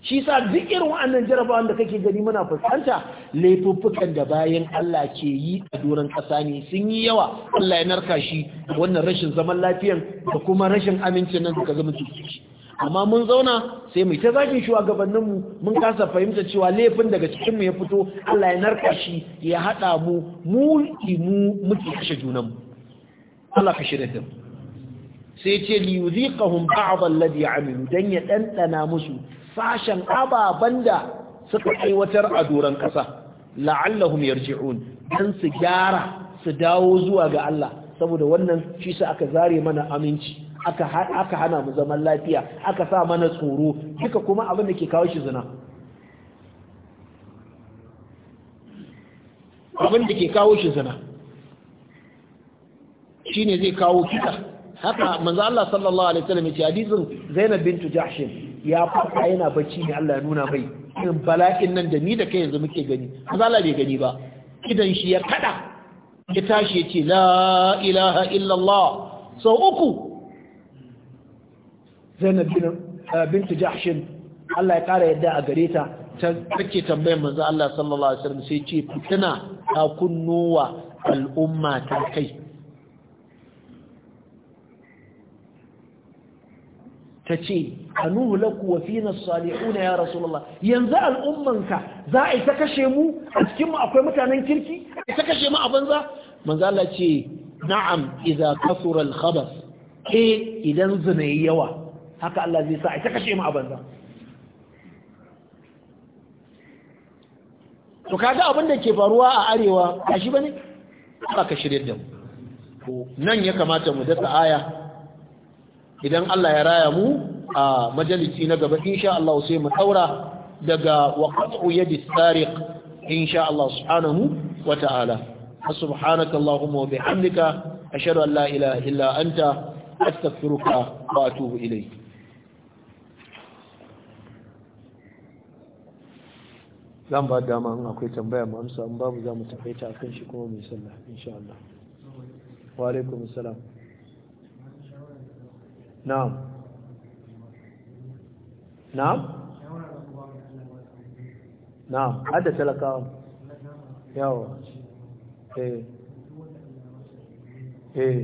Speaker 1: shi sa duk irin wannan jarabawan da kake gani muna fuskanta laifuffukan da bayan Allah ke yi a doron ƙasa ne sun yi yawa Allah ya narka shi wannan rashin zaman lafiyan da kuma rashin amincin nan suka zama ciki amma mun zauna sai mai ta zagin mu, mun kasa fahimta cewa laifin daga cikinmu ya fito Allah ya narka shi ya haɗa mu mu mu muke kashe mu. Allah ka shirya da sai ce li ba'd alladhi amilu dan ya dandana musu sashen ababan da suka aiwatar a duran kasa la'allahum yarji'un dan su gyara su dawo zuwa ga Allah saboda wannan shi sa aka zare mana aminci aka aka hana mu zaman lafiya aka sa mana tsoro duka kuma abin da ke kawo shi zina abin da ke kawo shi zina shine zai kawo kika haka manzo Allah sallallahu alaihi wasallam yace hadisin Zainab bintu Jahsh ya fada yana bacci ne Allah ya nuna mai irin bala'in nan da ni da kai yanzu muke gani manzo Allah bai gani ba Gidan shi ya kada ya tashi ce la ilaha illallah sau uku Zainab eh, bintu Jahsh Allah ya kara yadda a gare ta ta tambayar manzo Allah sallallahu alaihi wasallam sai ce fitina ta kunnuwa al'umma ta kai ta ce anuhu laku wa fina salihuna ya rasulullah yanzu al'ummanka za a yi kashe mu a cikin mu akwai mutanen kirki a ta kashe mu a banza manzo Allah ce na'am idza kasura al-khabas eh idan zina yawa haka Allah zai sa a ta kashe mu a banza to kaga abin da ke faruwa a arewa kashi bane ba ka shirye da mu nan ya kamata mu dasa aya idan Allah ya raya mu a majalisi na gaba insha Allah sai mu daura daga waqtu yadi sariq insha Allah subhanahu wa ta'ala subhanaka allahumma wa bihamdika ashhadu an la ilaha illa anta astaghfiruka wa atubu ilayk zan ba dama in akwai tambaya mu amsa in babu za mu tafaita akan shi kuma mai sallah insha Allah wa alaikum salam. na'am na'am
Speaker 2: na'am hada talakawa yawa eh eh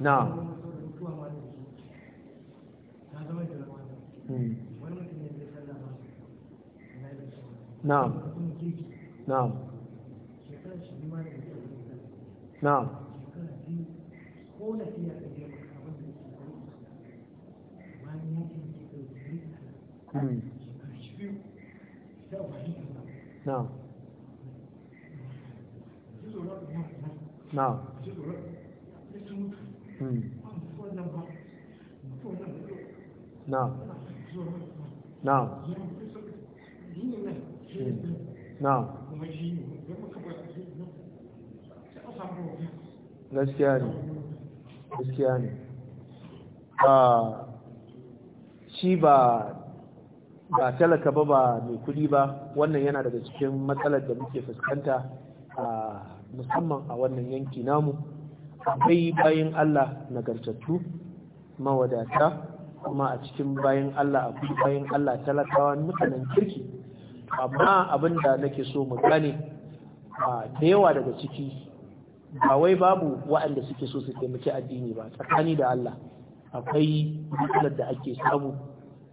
Speaker 2: na'am hmm. na'am na'am na'am Na? na'am نعم نعم نعم gaskiya ne gaskiya ne
Speaker 1: shi ba ba talaka ba ba mai kudi ba wannan yana daga cikin matsalar da muke fuskanta a musamman a wannan yanki namu akwai bayan Allah nagartattu mawadata kuma a cikin bayan Allah akwai bayan Allah talakawa mutanen kirki amma abin da nake so mu gane da yawa daga ciki ba wai babu waɗanda suke so su taimaki addini ba tsakani da Allah akwai matsalar da ake samu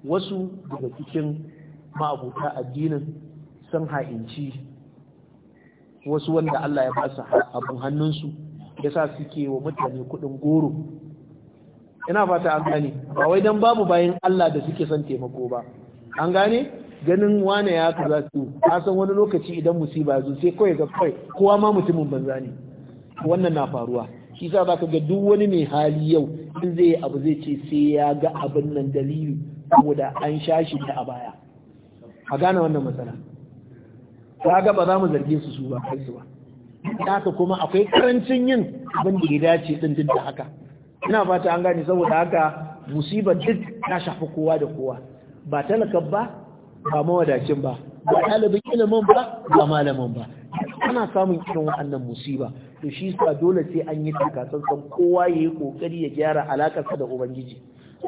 Speaker 1: wasu daga cikin ma'abuta addinin sun ha'inci wasu wanda Allah ya ba su abin hannunsu ya sa suke wa mutane kuɗin goro ina fata an gane ba wai don babu bayan Allah da suke son taimako ba an gane ganin wane ya kaza su san wani lokaci idan musiba zo sai kawai ga kawai kowa ma mutumin banza ne wannan na faruwa shi sa zaka ga duk wani mai hali yau in zai yi abu zai ce sai ya ga abin nan dalili saboda an sha shi ta a baya a gane wannan matsala ga ba za mu zarge su su ba kai su ba haka kuma akwai karancin yin abin da ya dace din din da haka ina fata an gane saboda haka musibar duk ta shafi kowa da kowa ba talaka ba ba mawadacin ba ba ɗalibin ilimin ba ba malamin ba ana samun irin wannan musiba to shi sa dole sai an yi takatsantsan kowa ya yi kokari ya gyara alakarsa da ubangiji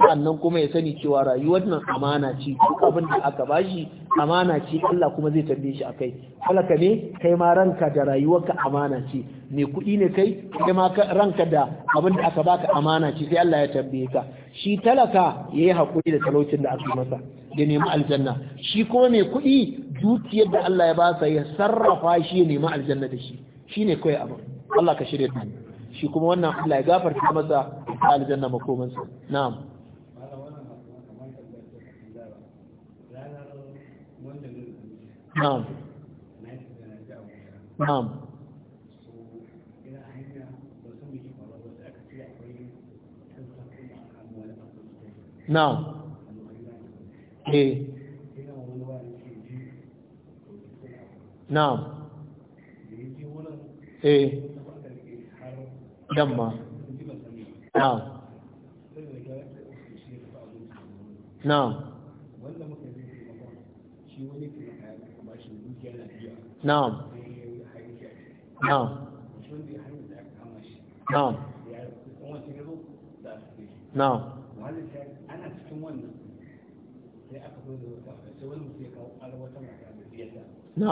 Speaker 1: sannan kuma ya sani cewa rayuwar nan amana ce duk abin da aka bashi amana ce Allah kuma zai tambaye shi akai halaka ne kai ma ranka da rayuwarka amana ce Me kuɗi ne kai kai ma ranka da abin da aka baka amana ce sai Allah ya tambaye ka shi talaka yayi hakuri da talaucin da aka masa ya nemi aljanna shi kuma me kuɗi dukiyar da Allah ya ba sa ya sarrafa shi ya nemi aljanna da shi shine kai abin Allah ka shirya da shi kuma wannan Allah ya gafarta masa aljanna makomansa na'am na'am na'am na'am eh na'am eh yamma na'am
Speaker 2: na'am na'am na'am na'am na'am ana aka zo da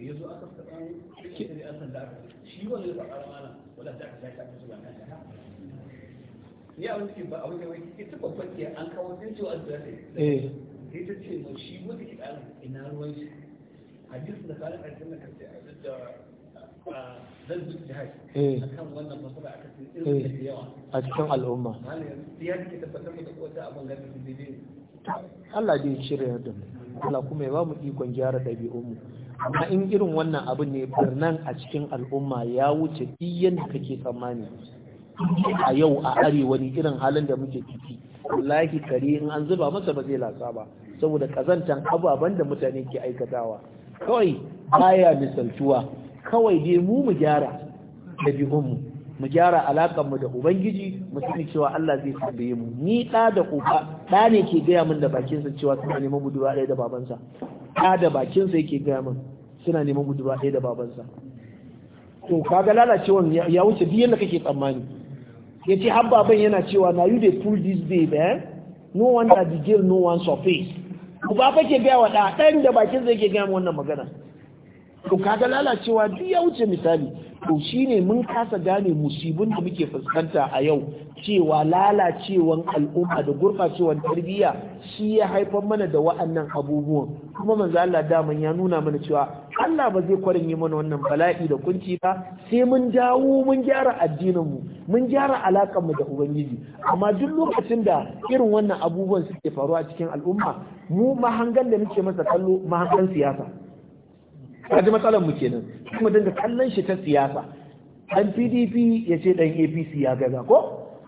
Speaker 2: da ya zo aka faɗa shi da an sanda aka shi wanda ya faɗa mana wanda ta aka ta su ba kan ta ni a wani ba a wani wai ita babban ke an kawo sai ce wa an zai eh sai ta ce mu shi wanda ke ɗan ina ruwan shi hadisin da kalin aljanna kan sai a da zan zuci jihar akan wannan masala aka sai irin da yawa a cikin al'umma ya ke tabbatar da ko ta abin ganin daidai
Speaker 1: Allah bai cire da Allah kuma ya ba mu ikon gyara ɗabi'unmu amma in irin wannan abu ne birnan a cikin al'umma ya wuce iyan da kake tsammani a yau a arewa ne irin halin da muke ciki wallahi kare in an zuba masa ba zai lasa ba saboda kazantan ababen da mutane ke aikatawa kawai baya misaltuwa kawai dai mu mu gyara ɗabi'unmu mu gyara alaƙar mu da ubangiji mu sani cewa Allah zai tambaye mu ni ɗa da uba ɗa ne ke gaya min da bakinsa cewa suna neman gudu ɗaya da babansa ɗa da bakinsa yake gaya min suna neman gudu ɗaya da babansa to kaga lalacewan ya wuce biyan da kake tsammani ya ce har baban yana cewa na you dey pull this day ba eh? no one that the girl no one surface uba fa ke gaya wa ɗa ɗan da bakinsa yake gaya min wannan magana to kaga lalacewa duk ya wuce misali to ne mun kasa gane musibin da muke fuskanta a yau cewa lalacewan al'umma da gurɓacewan tarbiyya shi ya haifar mana da wa'annan abubuwan kuma manzo Allah daman ya nuna mana cewa Allah ba zai kwarin yi mana wannan bala'i da kunci ba sai mun dawo mun gyara addinin mu mun gyara alakar mu da ubangiji amma duk lokacin da irin wannan abubuwan suke faruwa cikin al'umma mu mahangan da muke masa kallo mahangan siyasa kaji matsalar mu kenan kuma dinga kallon shi ta siyasa dan PDP ya ce dan APC ya gaza ko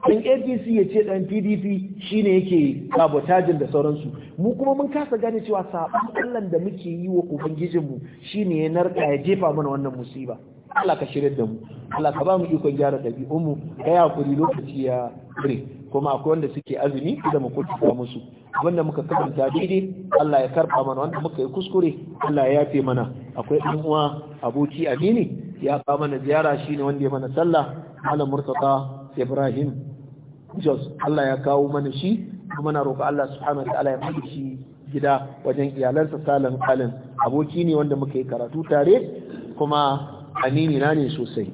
Speaker 1: dan APC ya ce dan PDP shine yake sabotajin da sauransu mu kuma mun kasa gane cewa sabon Allah da muke yi wa ubangijin mu shine ya narka ya jefa mana wannan musiba Allah ka shirye da mu Allah ka ba mu ikon gyara ɗabi'un mu ka yakuri lokaci ya bure kuma akwai wanda suke azumi da mu kuka musu wanda muka karanta daidai Allah ya karba mana wanda muka yi kuskure Allah ya yafe mana akwai ɗan uwa abuci amini ya ba mana ziyara shi ne wanda ya mana sallah malam murtata ibrahim jos Allah ya kawo mana shi kuma na roƙa Allah subhanahu ta'ala ya fadi shi gida wajen iyalansa salan kalin aboki ne wanda muka yi karatu tare kuma amini na ne sosai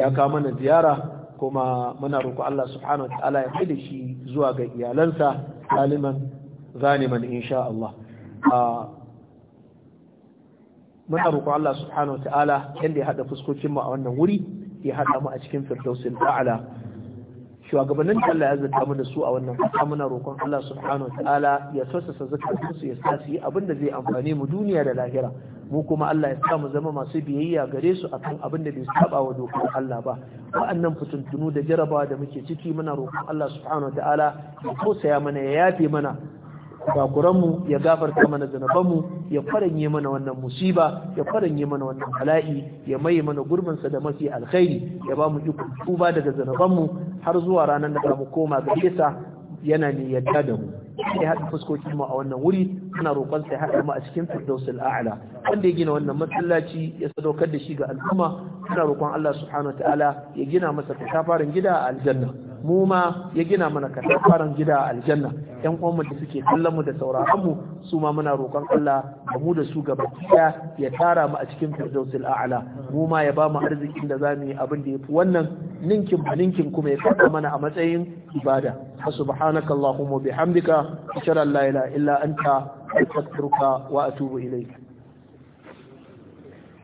Speaker 1: ya kawo mana ziyara kuma muna roƙa Allah subhanahu ta'ala ya kai shi zuwa ga iyalansa zaliman zaniman insha Allah ah, muna roƙon Allah subhanahu ta'ala yanda ya haɗa fuskokinmu mu a wannan wuri ya haɗa mu a cikin firdausin ta'ala shugabannin da Allah ya zata mu da su a wannan kasa muna roƙon Allah subhanahu ta'ala ya tausasa zakatun su ya sa su yi abin da zai amfane mu duniya da lahira mu kuma Allah ya sa mu zama masu biyayya gare su akan abin da bai saba wa dokar Allah ba wa'annan fitintunu da jarabawa da muke ciki muna roƙon Allah subhanahu ta'ala ya tausaya mana ya yafe mana kurakuranmu ya gafarta mana zanabanmu ya faranye mana wannan musiba ya faranye mana wannan bala'i ya maye mana gurbinsa da mafi alkhairi ya ba mu iko tuba daga zanabanmu har zuwa ranar da za mu koma ga isa yana ne yadda da mu ya haɗa fuskoki mu a wannan wuri ana roƙon sai haɗa mu a cikin firdausul a'la wanda ya gina wannan masallaci ya sadaukar da shi ga al'umma ana roƙon Allah subhanahu wa ta'ala ya gina masa kafarin gida a aljanna mu ma ya gina mana farin gida a aljanna yan uwanmu da suke kallon mu da sauraron mu su ma muna roƙon Allah da mu da su gaba ɗaya ya tara mu a cikin firdausil a'la mu ma ya ba mu arzikin da zamu yi abin da yafi wannan ninkin ba ninkin kuma ya kada mana a matsayin ibada subhanaka allahumma bihamdika ashhadu an la ilaha illa anta astaghfiruka wa atubu ilayk